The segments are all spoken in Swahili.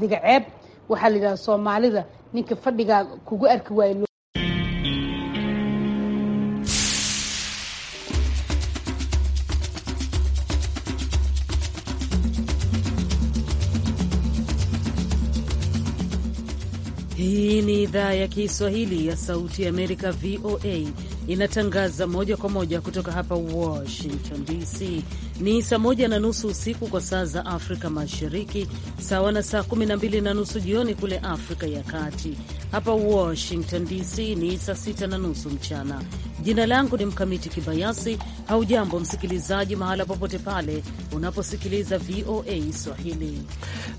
adiga ceeb waxaa la yidhahda soomaalida ninka fadhigaa kugu arki waayo Hii ni idhaa ya Kiswahili ya Sauti ya Amerika, VOA inatangaza moja kwa moja kutoka hapa Washington DC. Ni saa moja na nusu usiku kwa saa za Afrika Mashariki, sawa na saa kumi na mbili na nusu jioni kule Afrika ya Kati. Hapa Washington DC ni saa sita na nusu mchana. Jina langu ni Mkamiti Kibayasi. Haujambo msikilizaji, mahala popote pale unaposikiliza VOA Swahili.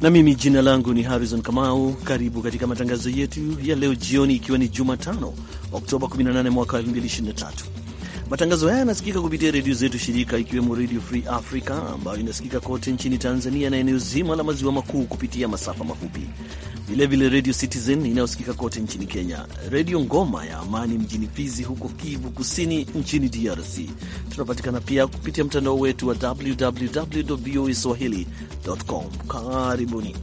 Na mimi jina langu ni Harrison Kamau. Karibu katika matangazo yetu ya leo jioni, ikiwa ni Jumatano Oktoba 18 mwaka 2023. Matangazo haya yanasikika kupitia redio zetu shirika, ikiwemo Redio Free Africa ambayo inasikika kote nchini Tanzania na eneo zima la maziwa makuu kupitia masafa mafupi, vilevile Redio Citizen inayosikika kote nchini Kenya, Redio Ngoma ya Amani mjini Fizi huko Kivu Kusini nchini DRC. Tunapatikana pia kupitia mtandao wetu wa www voa swahili.com. Karibuni.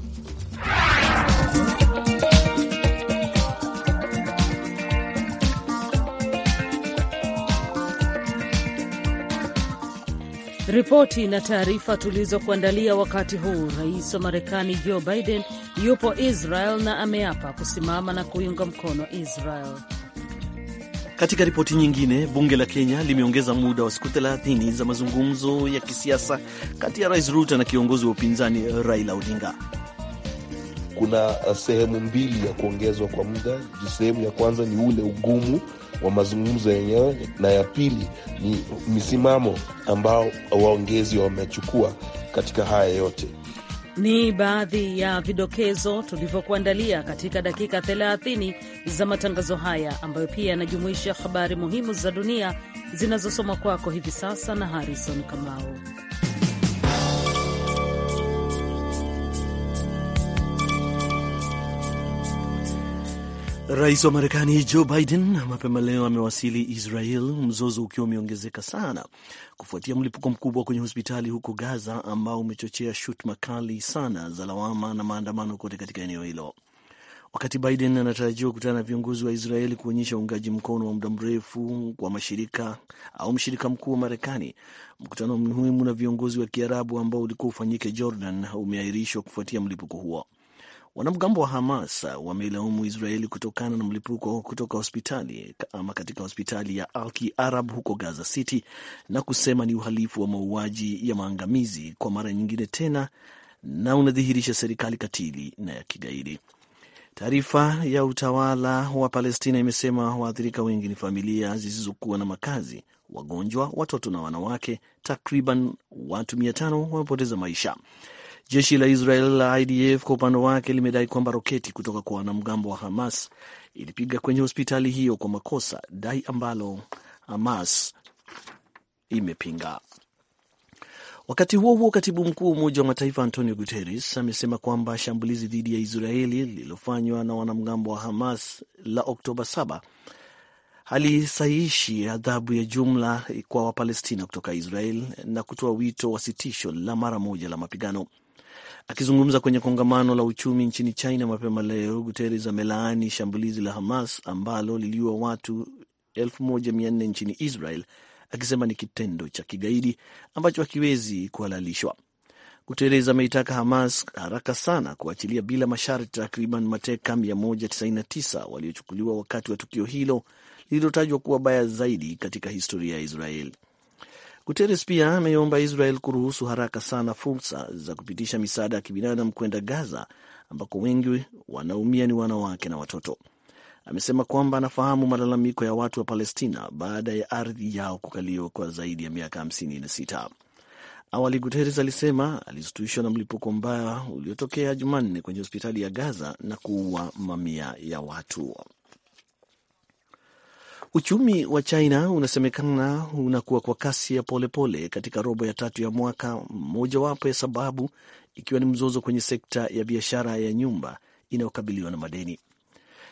Ripoti na taarifa tulizokuandalia wakati huu. Rais wa Marekani Joe Biden yupo Israel na ameapa kusimama na kuiunga mkono Israel. Katika ripoti nyingine, bunge la Kenya limeongeza muda wa siku 30 za mazungumzo ya kisiasa kati ya Rais Ruto na kiongozi wa upinzani Raila Odinga kuna uh, sehemu mbili ya kuongezwa kwa muda. Sehemu ya kwanza ni ule ugumu wa mazungumzo yenyewe, na ya pili ni misimamo ambao waongezi wamechukua katika haya yote. Ni baadhi ya vidokezo tulivyokuandalia katika dakika 30 za matangazo haya ambayo pia yanajumuisha habari muhimu za dunia zinazosoma kwako hivi sasa na Harrison Kamau. Rais wa Marekani Joe Biden mapema leo amewasili Israel, mzozo ukiwa umeongezeka sana kufuatia mlipuko mkubwa kwenye hospitali huko Gaza ambao umechochea shutuma kali sana za lawama na maandamano kote katika eneo hilo. Wakati Biden anatarajiwa kukutana na viongozi wa Israeli kuonyesha uungaji mkono wa muda mrefu kwa mashirika au mshirika mkuu wa Marekani, mkutano muhimu na viongozi wa Kiarabu ambao ulikuwa ufanyike Jordan umeahirishwa kufuatia mlipuko huo. Wanamgambo wa Hamas wamelaumu Israeli kutokana na mlipuko kutoka hospitali ama katika hospitali ya Alki Arab huko Gaza City na kusema ni uhalifu wa mauaji ya maangamizi kwa mara nyingine tena na unadhihirisha serikali katili na ya kigaidi. Taarifa ya utawala wa Palestina imesema waathirika wengi ni familia zisizokuwa na makazi, wagonjwa, watoto na wanawake. Takriban watu mia tano wamepoteza maisha. Jeshi la Israel la IDF kwa upande wake limedai kwamba roketi kutoka kwa wanamgambo wa Hamas ilipiga kwenye hospitali hiyo kwa makosa, dai ambalo Hamas imepinga. Wakati huo huo, katibu mkuu wa Umoja wa Mataifa Antonio Guterres amesema kwamba shambulizi dhidi ya Israeli lililofanywa na wanamgambo wa Hamas la Oktoba 7 halisahishi adhabu ya jumla kwa Wapalestina kutoka Israel na kutoa wito wa sitisho la mara moja la mapigano. Akizungumza kwenye kongamano la uchumi nchini China mapema leo, Guterres amelaani shambulizi la Hamas ambalo liliua watu 1400 nchini Israel, akisema ni kitendo cha kigaidi ambacho hakiwezi kuhalalishwa. Guterres ameitaka Hamas haraka sana kuachilia bila masharti takriban mateka 199 waliochukuliwa wakati wa tukio hilo lililotajwa kuwa baya zaidi katika historia ya Israeli. Guterres pia ameomba Israel kuruhusu haraka sana fursa za kupitisha misaada ya kibinadamu kwenda Gaza, ambako wengi wanaumia ni wanawake na watoto. Amesema kwamba anafahamu malalamiko ya watu wa Palestina baada ya ardhi yao kukaliwa kwa zaidi ya miaka sita. Awali Guterres alisema alisituishwa na mlipuko mbaya uliotokea Jumanne kwenye hospitali ya Gaza na kuua mamia ya watu. Uchumi wa China unasemekana unakuwa kwa kasi ya polepole pole katika robo ya tatu ya mwaka, mojawapo ya sababu ikiwa ni mzozo kwenye sekta ya biashara ya nyumba inayokabiliwa na madeni.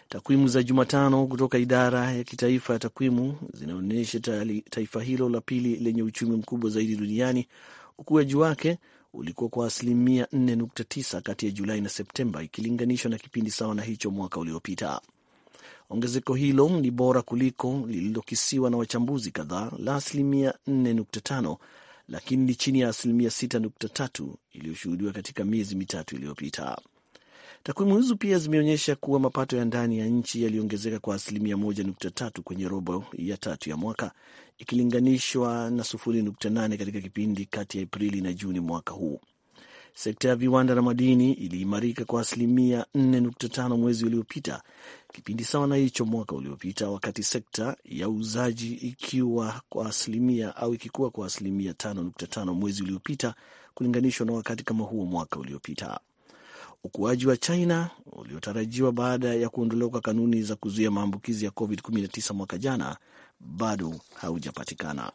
Takwimu za Jumatano kutoka idara ya kitaifa ya takwimu zinaonyesha taifa hilo la pili lenye uchumi mkubwa zaidi duniani, ukuaji wake ulikuwa kwa asilimia 4.9 kati ya Julai na Septemba ikilinganishwa na kipindi sawa na hicho mwaka uliopita. Ongezeko hilo ni bora kuliko lililokisiwa na wachambuzi kadhaa la asilimia 4.5 lakini ni chini ya asilimia 6.3 iliyoshuhudiwa katika miezi mitatu iliyopita. Takwimu hizo pia zimeonyesha kuwa mapato ya ndani ya nchi yaliongezeka kwa asilimia 1.3 kwenye robo ya tatu ya mwaka ikilinganishwa na 0.8 katika kipindi kati ya Aprili na Juni mwaka huu. Sekta ya viwanda na madini iliimarika kwa asilimia 4.5 mwezi uliopita, kipindi sawa na hicho mwaka uliopita, wakati sekta ya uuzaji ikiwa kwa asilimia au ikikuwa kwa asilimia 5.5 mwezi uliopita kulinganishwa na wakati kama huo mwaka uliopita. Ukuaji wa China uliotarajiwa baada ya kuondolewa kwa kanuni za kuzuia maambukizi ya COVID-19 mwaka jana bado haujapatikana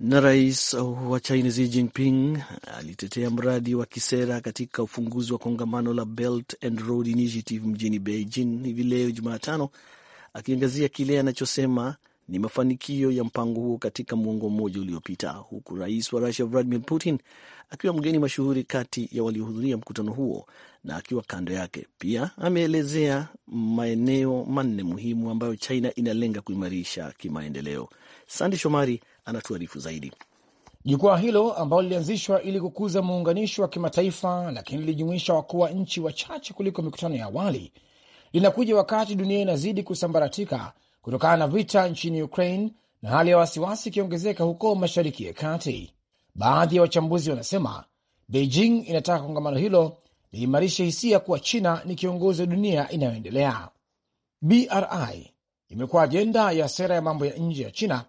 na rais wa China Xi Jinping alitetea mradi wa kisera katika ufunguzi wa kongamano la Belt and Road Initiative mjini Beijing hivi leo Jumatano, akiangazia kile anachosema ni mafanikio ya mpango huo katika mwongo mmoja uliopita, huku rais wa Rusia Vladimir Putin akiwa mgeni mashuhuri kati ya waliohudhuria mkutano huo na akiwa kando yake. Pia ameelezea maeneo manne muhimu ambayo China inalenga kuimarisha kimaendeleo. Sande Shomari anatuarifu zaidi. Jukwaa hilo ambalo lilianzishwa ili kukuza muunganisho wa kimataifa, lakini lilijumuisha wakuu wa nchi wachache kuliko mikutano ya awali, linakuja wakati dunia inazidi kusambaratika kutokana na vita nchini Ukraine na hali ya wasiwasi ikiongezeka huko Mashariki ya Kati. Baadhi ya wachambuzi wanasema Beijing inataka kongamano hilo liimarishe hisia kuwa China ni kiongozi wa dunia inayoendelea. BRI imekuwa ajenda ya sera ya mambo ya nje ya China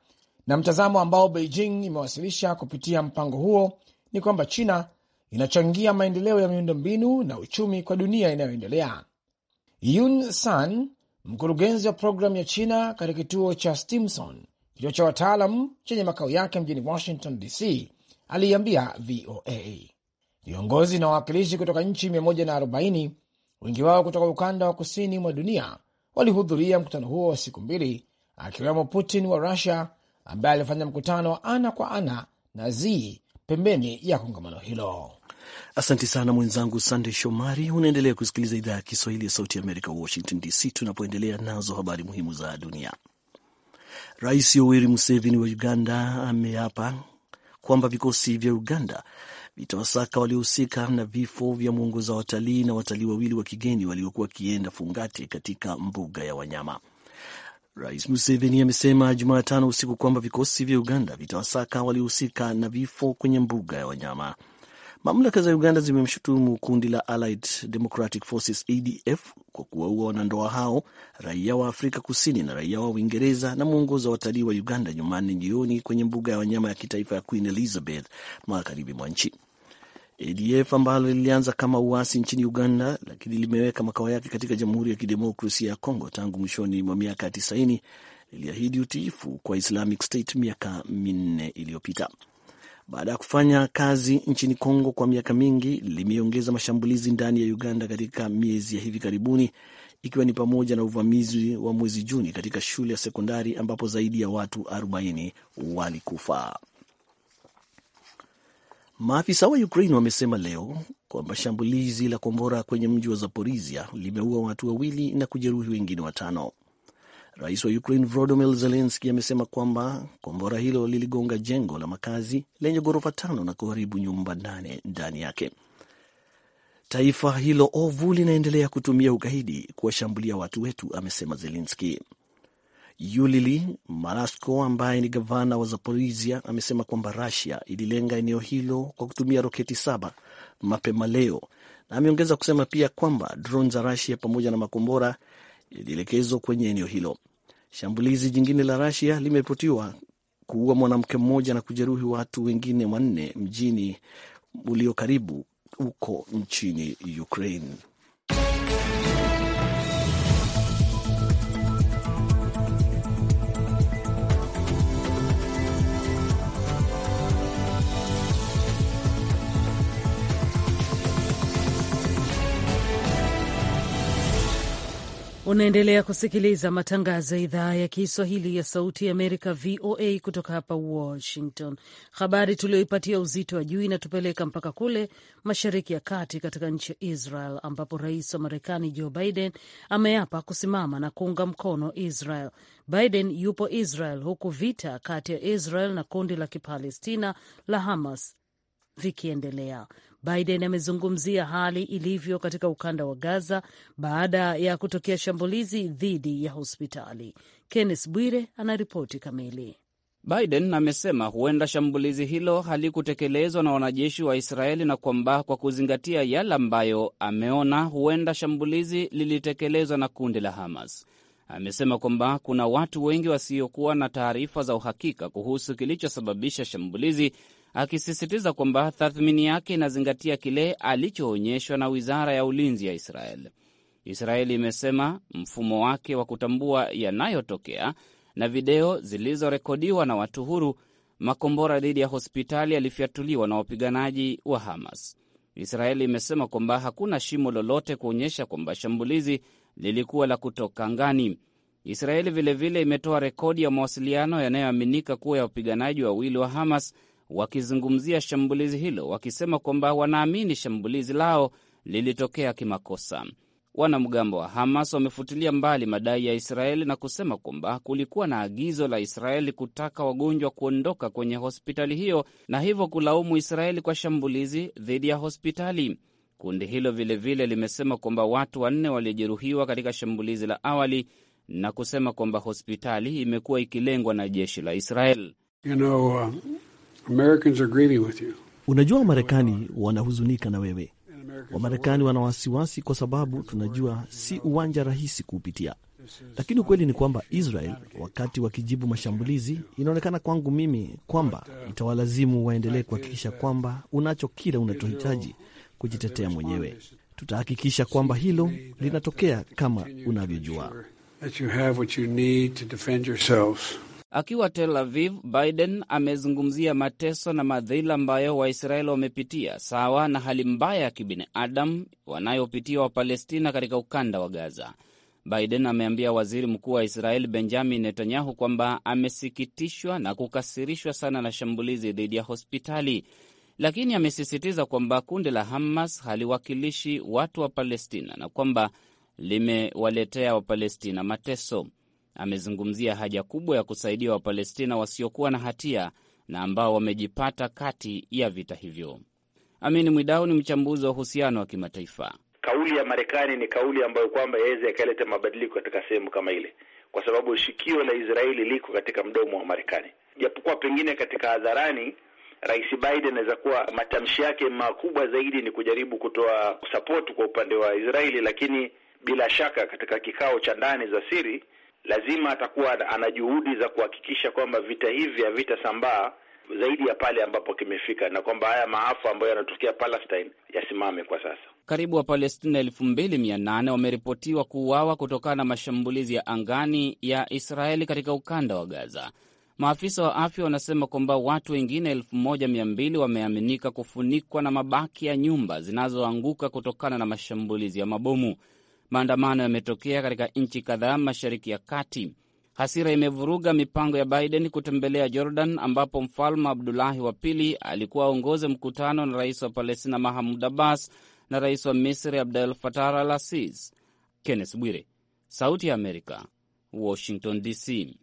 na mtazamo ambao Beijing imewasilisha kupitia mpango huo ni kwamba China inachangia maendeleo ya miundombinu na uchumi kwa dunia inayoendelea. Yun San, mkurugenzi wa programu ya China katika kituo cha Stimson, kituo cha wataalam chenye makao yake mjini Washington DC, aliiambia VOA viongozi na wawakilishi kutoka nchi 140 wengi wao kutoka ukanda wa kusini mwa dunia walihudhuria mkutano huo wa siku mbili, akiwemo Putin wa Rusia ambaye alifanya mkutano wa ana kwa ana na Z pembeni ya kongamano hilo. Asante sana mwenzangu Sande Shomari. Unaendelea kusikiliza idhaa ya Kiswahili ya Sauti ya Amerika, Washington DC, tunapoendelea nazo habari muhimu za dunia. Rais Yoweri Museveni wa Uganda ameapa kwamba vikosi vya Uganda vitawasaka waliohusika na vifo vya mwongoza watalii na watalii wawili wa kigeni waliokuwa wakienda Fungate katika mbuga ya wanyama. Rais Museveni amesema Jumatano usiku kwamba vikosi vya Uganda vitawasaka waliohusika na vifo kwenye mbuga ya wanyama. Mamlaka za Uganda zimemshutumu kundi la Allied Democratic Forces ADF kwa kuwaua wanandoa hao, raia wa Afrika Kusini na raia wa Uingereza na mwongoza watalii wa Uganda Jumanne jioni kwenye mbuga ya wanyama ya kitaifa ya Queen Elizabeth magharibi mwa nchi. ADF ambalo lilianza kama uasi nchini Uganda, lakini limeweka makao yake katika Jamhuri ya Kidemokrasia ya Kongo tangu mwishoni mwa miaka ya tisaini, liliahidi utiifu kwa Islamic State miaka minne iliyopita. Baada ya kufanya kazi nchini Kongo kwa miaka mingi, limeongeza mashambulizi ndani ya Uganda katika miezi ya hivi karibuni, ikiwa ni pamoja na uvamizi wa mwezi Juni katika shule ya sekondari ambapo zaidi ya watu 40 walikufa. Maafisa wa Ukraine wamesema leo kwamba shambulizi la kombora kwenye mji wa Zaporizhia limeua watu wawili na kujeruhi wengine watano. Rais wa Ukraine Volodymyr Zelensky amesema kwamba kombora hilo liligonga jengo la makazi lenye ghorofa tano na kuharibu nyumba nane ndani yake. Taifa hilo ovu linaendelea kutumia ugaidi kuwashambulia watu wetu, amesema Zelensky. Yulili marasco ambaye ni gavana wa Zaporizia amesema kwamba rasia ililenga eneo hilo kwa kutumia roketi saba mapema leo, na ameongeza kusema pia kwamba drone za rasia pamoja na makombora ilielekezwa kwenye eneo hilo. Shambulizi jingine la rasia limeripotiwa kuua mwanamke mmoja na kujeruhi watu wengine wanne mjini ulio karibu huko nchini Ukraine. Unaendelea kusikiliza matangazo ya idhaa ya Kiswahili ya Sauti ya Amerika, VOA, kutoka hapa Washington. Habari tuliyoipatia uzito wa juu inatupeleka mpaka kule Mashariki ya Kati, katika nchi ya Israel, ambapo rais wa Marekani Joe Biden ameapa kusimama na kuunga mkono Israel. Biden yupo Israel huku vita kati ya Israel na kundi la Kipalestina la Hamas vikiendelea. Biden amezungumzia hali ilivyo katika ukanda wa Gaza baada ya kutokea shambulizi dhidi ya hospitali. Kenneth Bwire anaripoti kamili. Biden amesema huenda shambulizi hilo halikutekelezwa na wanajeshi wa Israeli na kwamba kwa kuzingatia yale ambayo ameona, huenda shambulizi lilitekelezwa na kundi la Hamas. Amesema kwamba kuna watu wengi wasiokuwa na taarifa za uhakika kuhusu kilichosababisha shambulizi akisisitiza kwamba tathmini yake inazingatia kile alichoonyeshwa na wizara ya ulinzi ya Israel. Israeli imesema mfumo wake wa kutambua yanayotokea na video zilizorekodiwa na watu huru, makombora dhidi ya hospitali yalifyatuliwa na wapiganaji wa Hamas. Israeli imesema kwamba hakuna shimo lolote kuonyesha kwamba shambulizi lilikuwa la kutoka angani. Israeli vilevile imetoa rekodi ya mawasiliano yanayoaminika kuwa ya wapiganaji wawili wa Hamas wakizungumzia shambulizi hilo, wakisema kwamba wanaamini shambulizi lao lilitokea kimakosa. Wanamgambo wa Hamas wamefutilia mbali madai ya Israeli na kusema kwamba kulikuwa na agizo la Israeli kutaka wagonjwa kuondoka kwenye hospitali hiyo na hivyo kulaumu Israeli kwa shambulizi dhidi ya hospitali. Kundi hilo vilevile limesema kwamba watu wanne waliojeruhiwa katika shambulizi la awali na kusema kwamba hospitali imekuwa ikilengwa na jeshi la Israeli. you know, uh... Americans are grieving with you. Unajua Wamarekani wanahuzunika na wewe. Wamarekani wana wasiwasi kwa sababu tunajua si uwanja rahisi kuupitia, lakini ukweli ni kwamba Israel wakati wakijibu mashambulizi, inaonekana kwangu mimi kwamba uh, itawalazimu waendelee kuhakikisha uh, kwamba unacho kila unachohitaji kujitetea mwenyewe. Tutahakikisha kwamba hilo linatokea kama unavyojua. Akiwa Tel Aviv, Biden amezungumzia mateso na madhila ambayo Waisraeli wamepitia sawa na hali mbaya ya kibinadamu wanayopitia Wapalestina katika ukanda wa Gaza. Biden ameambia waziri mkuu wa Israeli Benjamin Netanyahu kwamba amesikitishwa na kukasirishwa sana na shambulizi dhidi ya hospitali, lakini amesisitiza kwamba kundi la Hamas haliwakilishi watu wa Palestina na kwamba limewaletea Wapalestina mateso amezungumzia haja kubwa ya kusaidia Wapalestina wasiokuwa na hatia na ambao wamejipata kati ya vita hivyo. Amin Mwidau ni mchambuzi wa uhusiano wa kimataifa. Kauli ya Marekani ni kauli ambayo kwamba yaweza yakaleta mabadiliko katika sehemu kama ile, kwa sababu shikio la Israeli liko katika mdomo wa Marekani, japokuwa pengine katika hadharani Rais Biden anaweza kuwa matamshi yake makubwa zaidi ni kujaribu kutoa sapoti kwa upande wa Israeli, lakini bila shaka katika kikao cha ndani za siri lazima atakuwa ana juhudi za kuhakikisha kwamba vita hivi havitasambaa zaidi ya pale ambapo kimefika na kwamba haya maafa ambayo yanatokea Palestine yasimame kwa sasa. Karibu Wapalestina elfu mbili mia nane wameripotiwa kuuawa kutokana na mashambulizi ya angani ya Israeli katika ukanda wa Gaza. Maafisa wa afya wanasema kwamba watu wengine elfu moja mia mbili wameaminika kufunikwa na mabaki ya nyumba zinazoanguka kutokana na mashambulizi ya mabomu. Maandamano yametokea katika nchi kadhaa mashariki ya kati. Hasira imevuruga mipango ya Biden kutembelea Jordan, ambapo mfalme Abdulahi wa pili alikuwa aongoze mkutano na rais wa Palestina Mahmud Abbas na rais wa Misri Abdel Fattah al Sisi. Kenneth Bwire, Sauti ya Amerika, Washington DC.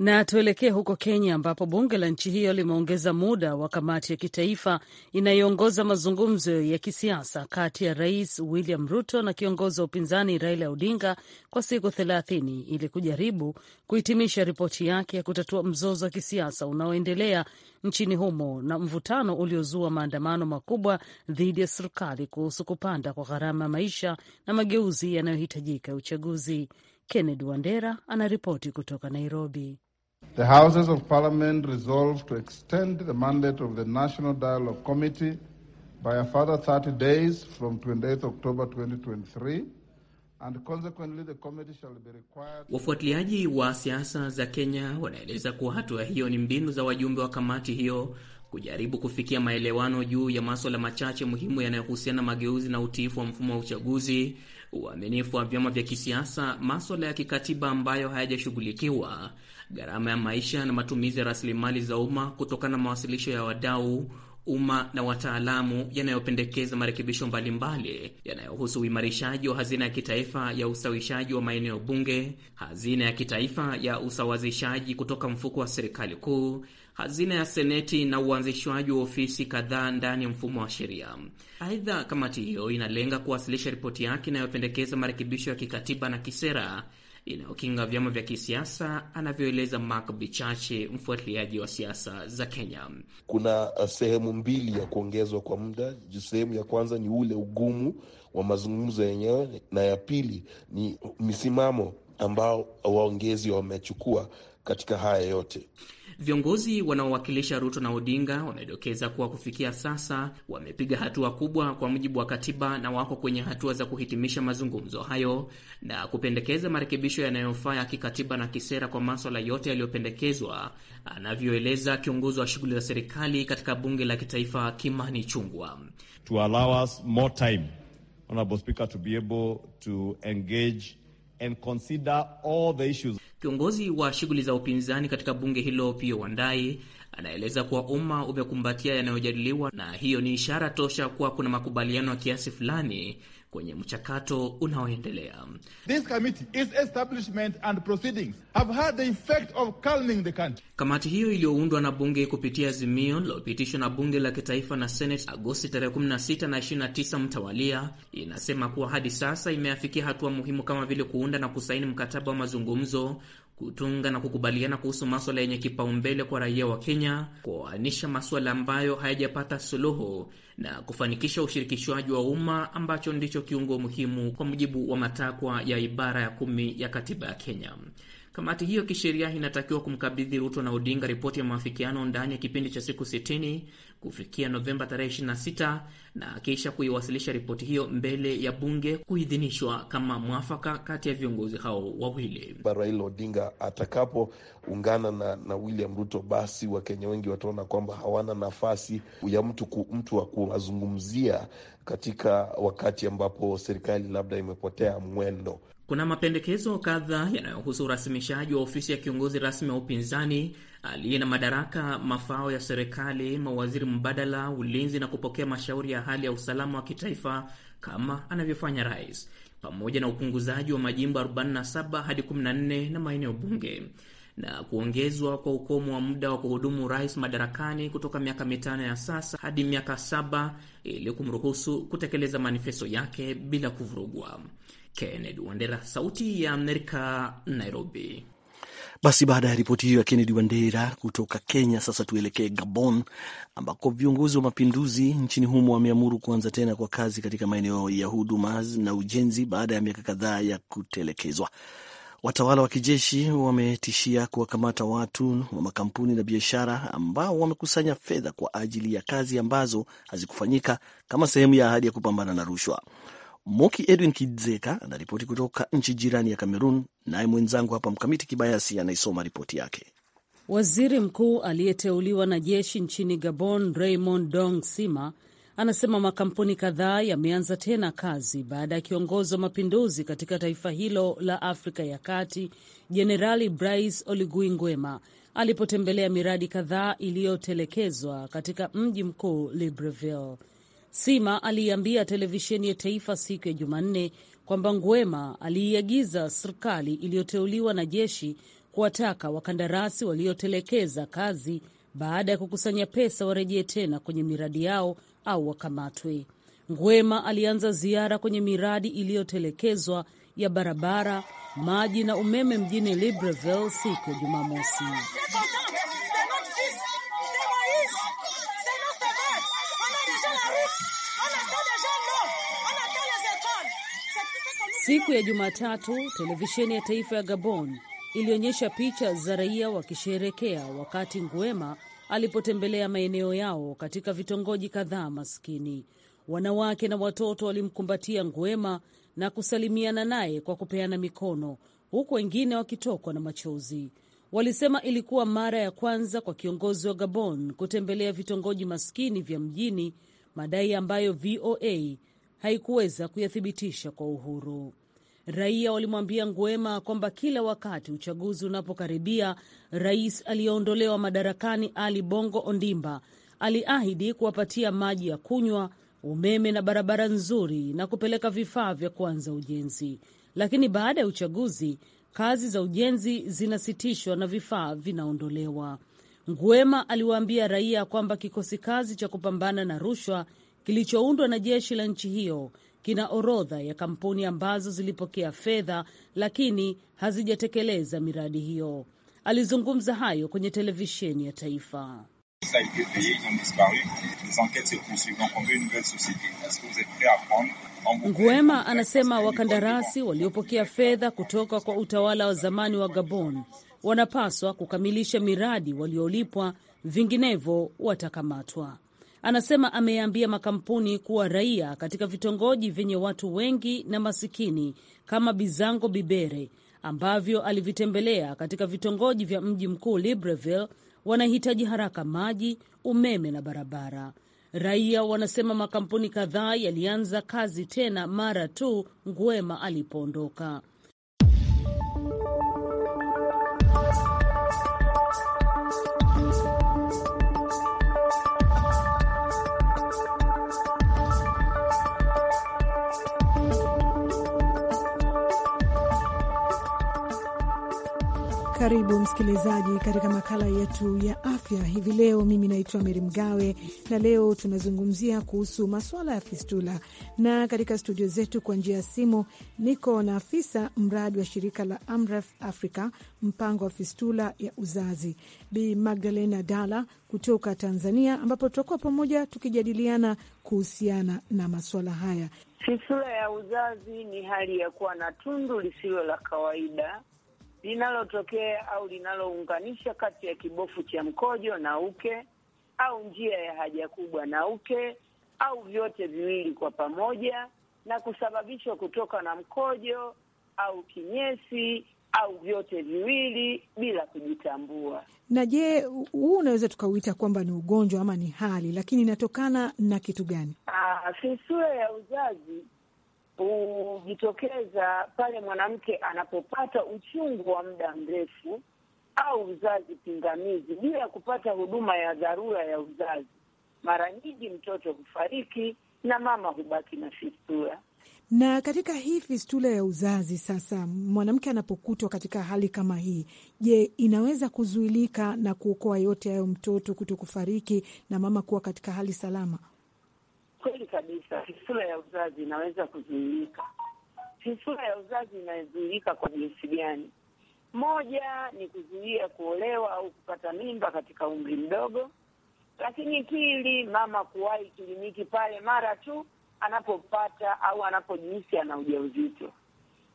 Na tuelekee huko Kenya ambapo bunge la nchi hiyo limeongeza muda wa kamati ya kitaifa inayoongoza mazungumzo ya kisiasa kati ya Rais William Ruto na kiongozi wa upinzani Raila Odinga kwa siku thelathini ili kujaribu kuhitimisha ripoti yake ya kutatua mzozo wa kisiasa unaoendelea nchini humo na mvutano uliozua maandamano makubwa dhidi ya serikali kuhusu kupanda kwa gharama ya maisha na mageuzi yanayohitajika ya uchaguzi. Kennedy Wandera anaripoti kutoka Nairobi. The Houses of Parliament resolved to extend the mandate of the National Dialogue Committee by a further 30 days from 28 October 2023. Wafuatiliaji wa siasa za Kenya wanaeleza kuwa hatua hiyo ni mbinu za wajumbe wa kamati hiyo kujaribu kufikia maelewano juu ya maswala machache muhimu yanayohusiana na mageuzi na utiifu wa mfumo wa uchaguzi, uaminifu wa vyama vya kisiasa, maswala ya kikatiba ambayo hayajashughulikiwa gharama ya maisha na matumizi ya rasilimali za umma kutokana na mawasilisho ya wadau umma na wataalamu yanayopendekeza marekebisho mbalimbali yanayohusu uimarishaji wa hazina ya kitaifa ya usawishaji wa maeneo bunge, hazina ya kitaifa ya usawazishaji kutoka mfuko wa serikali kuu, hazina ya seneti na uanzishwaji wa ofisi kadhaa ndani ya mfumo wa sheria. Aidha, kamati hiyo inalenga kuwasilisha ripoti yake inayopendekeza marekebisho ya kikatiba na kisera inayokinga vyama vya kisiasa, anavyoeleza Mark Bichache, mfuatiliaji wa siasa za Kenya. Kuna uh, sehemu mbili ya kuongezwa kwa muda. Sehemu ya kwanza ni ule ugumu wa mazungumzo yenyewe, na ya pili ni misimamo ambao waongezi wamechukua katika haya yote. Viongozi wanaowakilisha Ruto na Odinga wamedokeza kuwa kufikia sasa wamepiga hatua kubwa kwa mujibu wa katiba na wako kwenye hatua za kuhitimisha mazungumzo hayo na kupendekeza marekebisho yanayofaa ya kikatiba na kisera kwa maswala yote yaliyopendekezwa, anavyoeleza kiongozi wa shughuli za serikali katika bunge la kitaifa Kimani Chungwa. To allow us more time, Honorable Speaker, to be able to engage and consider all the issues. Kiongozi wa shughuli za upinzani katika bunge hilo Pio Wandai anaeleza kuwa umma umekumbatia yanayojadiliwa na hiyo ni ishara tosha kuwa kuna makubaliano ya kiasi fulani kwenye mchakato unaoendelea. Kamati hiyo iliyoundwa na bunge kupitia azimio lilopitishwa na bunge la kitaifa na Senate Agosti tarehe 16 na 29 mtawalia, inasema kuwa hadi sasa imeafikia hatua muhimu kama vile kuunda na kusaini mkataba wa mazungumzo kutunga na kukubaliana kuhusu maswala yenye kipaumbele kwa raia wa Kenya, kuoanisha maswala ambayo hayajapata suluhu na kufanikisha ushirikishwaji wa umma ambacho ndicho kiungo muhimu kwa mujibu wa matakwa ya ibara ya kumi ya katiba ya Kenya. Kamati hiyo kisheria inatakiwa kumkabidhi Ruto na Odinga ripoti ya maafikiano ndani ya kipindi cha siku 60 kufikia Novemba tarehe 26 na kisha kuiwasilisha ripoti hiyo mbele ya bunge kuidhinishwa kama mwafaka kati ya viongozi hao wawili. Raila Odinga atakapoungana na, na William Ruto, basi Wakenya wengi wataona kwamba hawana nafasi ya mtu, ku, mtu wa kuwazungumzia katika wakati ambapo serikali labda imepotea mwendo. Kuna mapendekezo kadhaa yanayohusu urasimishaji wa ofisi ya kiongozi rasmi wa upinzani aliye na madaraka, mafao ya serikali, mawaziri mbadala, ulinzi na kupokea mashauri ya hali ya usalama wa kitaifa kama anavyofanya rais, pamoja na upunguzaji wa majimbo 47 hadi 14 na maeneo bunge na kuongezwa kwa ukomo wa muda wa kuhudumu rais madarakani kutoka miaka mitano ya sasa hadi miaka saba ili kumruhusu kutekeleza manifesto yake bila kuvurugwa. Kennedy Wandera, Sauti ya Amerika, Nairobi. Basi baada ya ripoti hiyo ya Kennedy Wandera kutoka Kenya, sasa tuelekee Gabon ambako viongozi wa mapinduzi nchini humo wameamuru kuanza tena kwa kazi katika maeneo ya huduma na ujenzi baada ya miaka kadhaa ya kutelekezwa. Watawala wa kijeshi wametishia kuwakamata watu wa makampuni na biashara ambao wamekusanya fedha kwa ajili ya kazi ambazo hazikufanyika kama sehemu ya ahadi ya kupambana na rushwa. Moki Edwin Kidzeka anaripoti kutoka nchi jirani ya Kamerun, naye mwenzangu hapa Mkamiti Kibayasi anaisoma ripoti yake. Waziri mkuu aliyeteuliwa na jeshi nchini Gabon, Raymond Dong Sima, anasema makampuni kadhaa yameanza tena kazi baada ya kiongozi wa mapinduzi katika taifa hilo la Afrika ya Kati, Jenerali Brice Oligui Nguema alipotembelea miradi kadhaa iliyotelekezwa katika mji mkuu Libreville. Sima aliiambia televisheni ya taifa siku ya Jumanne kwamba Nguema aliiagiza serikali iliyoteuliwa na jeshi kuwataka wakandarasi waliotelekeza kazi baada ya kukusanya pesa warejee tena kwenye miradi yao au wakamatwe. Nguema alianza ziara kwenye miradi iliyotelekezwa ya barabara, maji na umeme mjini Libreville siku ya Jumamosi. Siku ya Jumatatu, televisheni ya taifa ya Gabon ilionyesha picha za raia wakisherekea wakati Nguema alipotembelea maeneo yao katika vitongoji kadhaa maskini. Wanawake na watoto walimkumbatia Nguema na kusalimiana naye kwa kupeana mikono, huku wengine wakitokwa na machozi. Walisema ilikuwa mara ya kwanza kwa kiongozi wa Gabon kutembelea vitongoji maskini vya mjini, madai ambayo VOA haikuweza kuyathibitisha kwa uhuru. Raia walimwambia Nguema kwamba kila wakati uchaguzi unapokaribia, rais aliyeondolewa madarakani Ali Bongo Ondimba aliahidi kuwapatia maji ya kunywa, umeme na barabara nzuri na kupeleka vifaa vya kuanza ujenzi. Lakini baada ya uchaguzi kazi za ujenzi zinasitishwa na vifaa vinaondolewa. Nguema aliwaambia raia kwamba kikosi kazi cha kupambana na rushwa kilichoundwa na jeshi la nchi hiyo kina orodha ya kampuni ambazo zilipokea fedha lakini hazijatekeleza miradi hiyo. Alizungumza hayo kwenye televisheni ya taifa. Nguema anasema wakandarasi waliopokea fedha kutoka kwa utawala wa zamani wa Gabon wanapaswa kukamilisha miradi waliolipwa, vinginevyo watakamatwa anasema ameyaambia makampuni kuwa raia katika vitongoji vyenye watu wengi na masikini kama Bizango Bibere ambavyo alivitembelea katika vitongoji vya mji mkuu Libreville wanahitaji haraka maji, umeme na barabara. Raia wanasema makampuni kadhaa yalianza kazi tena mara tu Nguema alipoondoka. Karibu msikilizaji katika makala yetu ya afya hivi leo. Mimi naitwa Meri Mgawe na leo tunazungumzia kuhusu masuala ya fistula, na katika studio zetu kwa njia ya simu niko na afisa mradi wa shirika la Amref Africa, mpango wa fistula ya uzazi, Bi Magdalena Dala kutoka Tanzania, ambapo tutakuwa pamoja tukijadiliana kuhusiana na masuala haya. Fistula ya uzazi ni hali ya kuwa na tundu lisilo la kawaida linalotokea au linalounganisha kati ya kibofu cha mkojo na uke au njia ya haja kubwa na uke au vyote viwili kwa pamoja na kusababishwa kutoka na mkojo au kinyesi au vyote viwili bila kujitambua. Na je, huu unaweza tukauita kwamba ni ugonjwa ama ni hali, lakini inatokana na kitu gani? Aa, ah, fisura ya uzazi hujitokeza pale mwanamke anapopata uchungu wa muda mrefu au uzazi pingamizi bila kupata huduma ya dharura ya uzazi. Mara nyingi mtoto hufariki na mama hubaki na fistula. Na katika hii fistula ya uzazi, sasa mwanamke anapokutwa katika hali kama hii, je, inaweza kuzuilika na kuokoa yote hayo, mtoto kuto kufariki na mama kuwa katika hali salama? Kweli kabisa, fisula ya uzazi inaweza kuzuilika. Fisula ya uzazi inazuilika kwa jinsi gani? Moja ni kuzuia kuolewa au kupata mimba katika umri mdogo, lakini pili, mama kuwahi kliniki pale mara tu anapopata au anapojihisi ana ujauzito.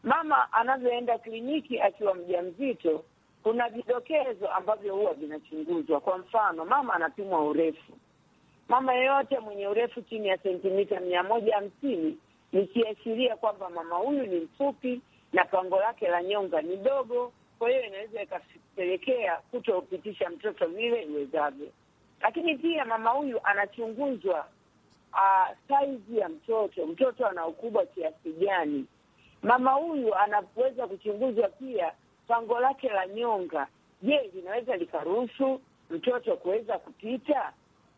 Mama anavyoenda kliniki akiwa mjamzito, kuna vidokezo ambavyo huwa vinachunguzwa. Kwa mfano, mama anapimwa urefu Mama yeyote mwenye urefu chini ya sentimita mia moja hamsini ni kiashiria kwamba mama huyu ni mfupi na pango lake la nyonga ni dogo, kwa hiyo inaweza ikapelekea kutopitisha mtoto vile iwezavyo. Lakini pia mama huyu anachunguzwa uh, ah, saizi ya mtoto, mtoto ana ukubwa kiasi gani. Mama huyu anaweza kuchunguzwa pia pango lake la nyonga. Je, linaweza likaruhusu mtoto kuweza kupita?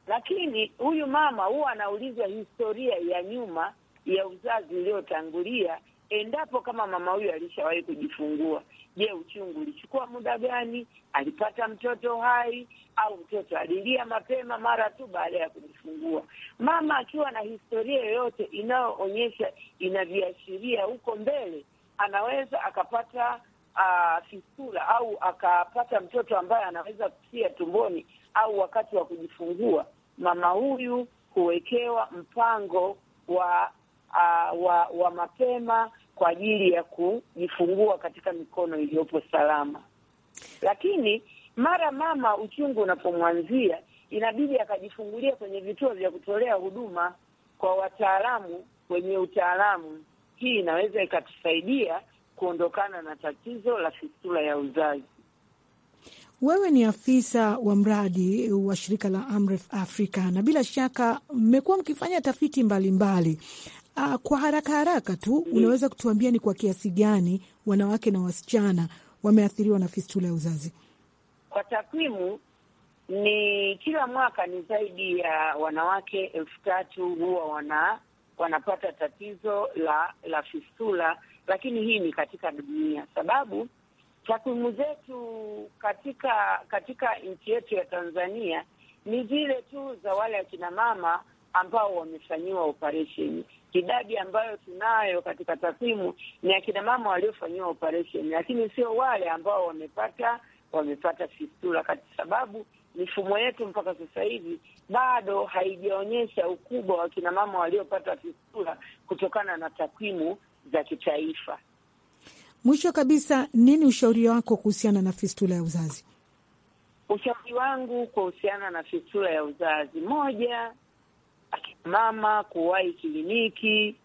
Lakini huyu mama huwa anaulizwa historia ya nyuma ya uzazi uliotangulia, endapo kama mama huyu alishawahi kujifungua. Je, uchungu ulichukua muda gani? Alipata mtoto hai au mtoto alilia mapema mara tu baada ya kujifungua? Mama akiwa na historia yoyote inayoonyesha inaviashiria huko mbele, anaweza akapata uh, fistula au akapata mtoto ambaye anaweza kufia tumboni au wakati wa kujifungua mama huyu huwekewa mpango wa uh, wa, wa mapema kwa ajili ya kujifungua katika mikono iliyopo salama. Lakini mara mama uchungu unapomwanzia, inabidi akajifungulia kwenye vituo vya kutolea huduma kwa wataalamu wenye utaalamu. Hii inaweza ikatusaidia kuondokana na tatizo la fistula ya uzazi. Wewe ni afisa wa mradi wa shirika la Amref Africa na bila shaka mmekuwa mkifanya tafiti mbalimbali mbali. Ah, kwa haraka haraka tu mm, unaweza kutuambia ni kwa kiasi gani wanawake na wasichana wameathiriwa na fistula ya uzazi? Kwa takwimu ni kila mwaka ni zaidi ya wanawake elfu tatu huwa wana wanapata tatizo la la fistula, lakini hii ni katika dunia, sababu Takwimu zetu katika katika nchi yetu ya Tanzania ni zile tu za wale akina mama ambao wamefanyiwa operesheni. Idadi ambayo tunayo katika takwimu ni akina mama waliofanyiwa operesheni, lakini sio wale ambao wamepata wamepata fistula, kwa sababu mifumo yetu mpaka sasa hivi bado haijaonyesha ukubwa wa akina mama waliopata fistula kutokana na takwimu za kitaifa. Mwisho kabisa, nini ushauri wako kuhusiana na fistula ya uzazi? Ushauri wangu kuhusiana na fistula ya uzazi, moja, akina mama kuwahi kliniki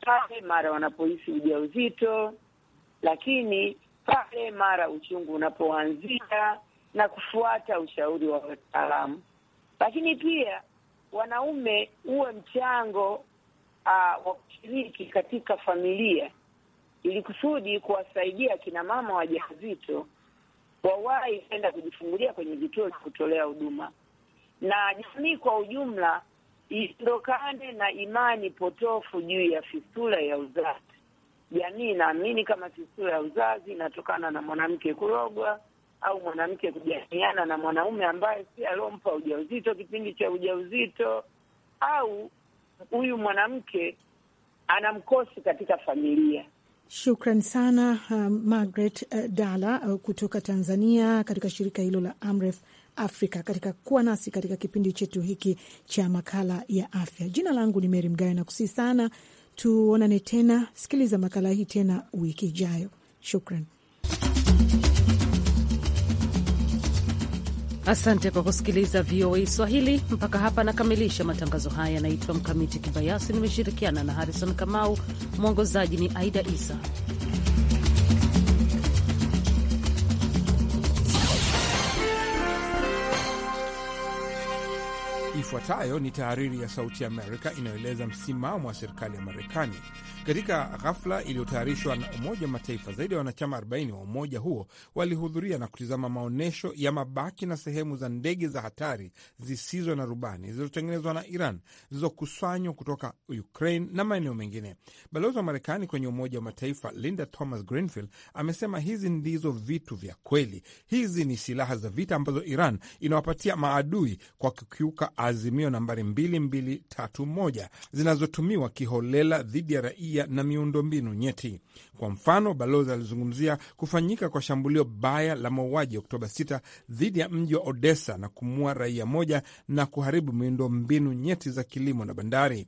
pale mara wanapohisi ujauzito, lakini pale mara uchungu unapoanzia na kufuata ushauri wa wataalamu. Lakini pia wanaume, uwe mchango uh, wa kushiriki katika familia ili kusudi kuwasaidia kina mama wajawazito wawahi kwenda kujifungulia kwenye vituo vya kutolea huduma, na jamii kwa ujumla iondokane na imani potofu juu ya fistula ya uzazi. Jamii inaamini kama fistula ya uzazi inatokana na mwanamke kurogwa au mwanamke kujamiana na mwanaume ambaye si aliompa ujauzito kipindi cha ujauzito, au huyu mwanamke ana mkosi katika familia. Shukran sana uh, Margaret uh, Dala uh, kutoka Tanzania katika shirika hilo la Amref Afrika katika kuwa nasi katika kipindi chetu hiki cha makala ya afya. Jina langu ni Meri Mgawe na kusii sana tuonane tena, sikiliza makala hii tena wiki ijayo. Shukran. Asante kwa kusikiliza VOA Swahili mpaka hapa. Nakamilisha matangazo haya. yanaitwa Mkamiti Kibayasi, nimeshirikiana na Harrison Kamau, mwongozaji ni Aida Isa. Ifuatayo ni tahariri ya Sauti ya Amerika inayoeleza msimamo wa serikali ya Marekani. Katika ghafla iliyotayarishwa na Umoja wa Mataifa, zaidi ya wanachama 40 wa umoja huo walihudhuria na kutizama maonyesho ya mabaki na sehemu za ndege za hatari zisizo na rubani zilizotengenezwa na Iran zilizokusanywa kutoka Ukraine na maeneo mengine. Balozi wa Marekani kwenye Umoja wa Mataifa Linda Thomas Greenfield amesema hizi ndizo vitu vya kweli, hizi ni silaha za vita ambazo Iran inawapatia maadui kwa kukiuka azimio nambari 2231 zinazotumiwa kiholela dhidi ya raia na miundombinu nyeti. Kwa mfano, balozi alizungumzia kufanyika kwa shambulio baya la mauaji Oktoba 6 dhidi ya mji wa Odessa na kumua raia moja na kuharibu miundombinu nyeti za kilimo na bandari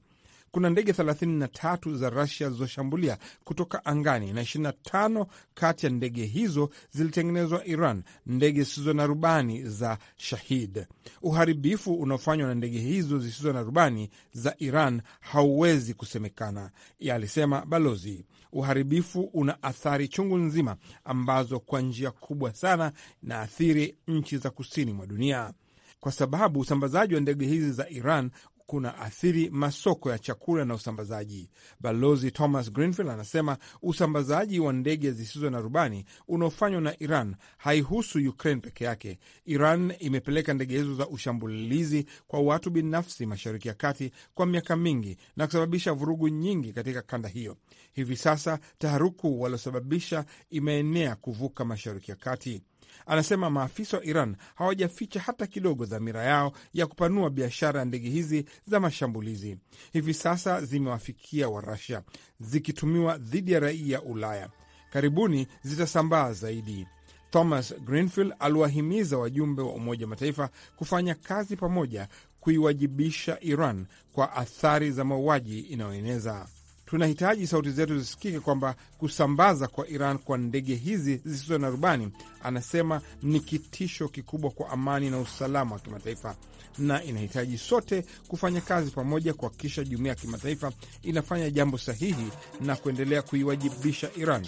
kuna ndege 33 za Rusia zilizoshambulia kutoka angani na 25 kati ya ndege hizo zilitengenezwa Iran, ndege zisizo na rubani za Shahid. Uharibifu unaofanywa na ndege hizo zisizo na rubani za Iran hauwezi kusemekana, alisema balozi. Uharibifu una athari chungu nzima ambazo kwa njia kubwa sana athiri nchi za kusini mwa dunia kwa sababu usambazaji wa ndege hizi za Iran kuna athiri masoko ya chakula na usambazaji. Balozi Thomas Greenfield anasema usambazaji wa ndege zisizo na rubani unaofanywa na Iran haihusu Ukraine peke yake. Iran imepeleka ndege hizo za ushambulizi kwa watu binafsi Mashariki ya Kati kwa miaka mingi na kusababisha vurugu nyingi katika kanda hiyo. Hivi sasa taharuku waliosababisha imeenea kuvuka Mashariki ya Kati. Anasema maafisa wa Iran hawajaficha hata kidogo dhamira yao ya kupanua biashara ya ndege hizi za mashambulizi. Hivi sasa zimewafikia wa rasia zikitumiwa dhidi ya raia Ulaya. Karibuni zitasambaa zaidi. Thomas Greenfield aliwahimiza wajumbe wa Umoja wa Mataifa kufanya kazi pamoja kuiwajibisha Iran kwa athari za mauaji inayoeneza tunahitaji sauti zetu zisikike kwamba kusambaza kwa Iran kwa ndege hizi zisizo na rubani, anasema ni kitisho kikubwa kwa amani na usalama wa kimataifa, na inahitaji sote kufanya kazi pamoja kuhakikisha jumuiya ya kimataifa inafanya jambo sahihi na kuendelea kuiwajibisha Iran.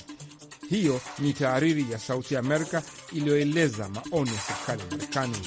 Hiyo ni tahariri ya Sauti ya Amerika iliyoeleza maoni ya serikali ya Marekani.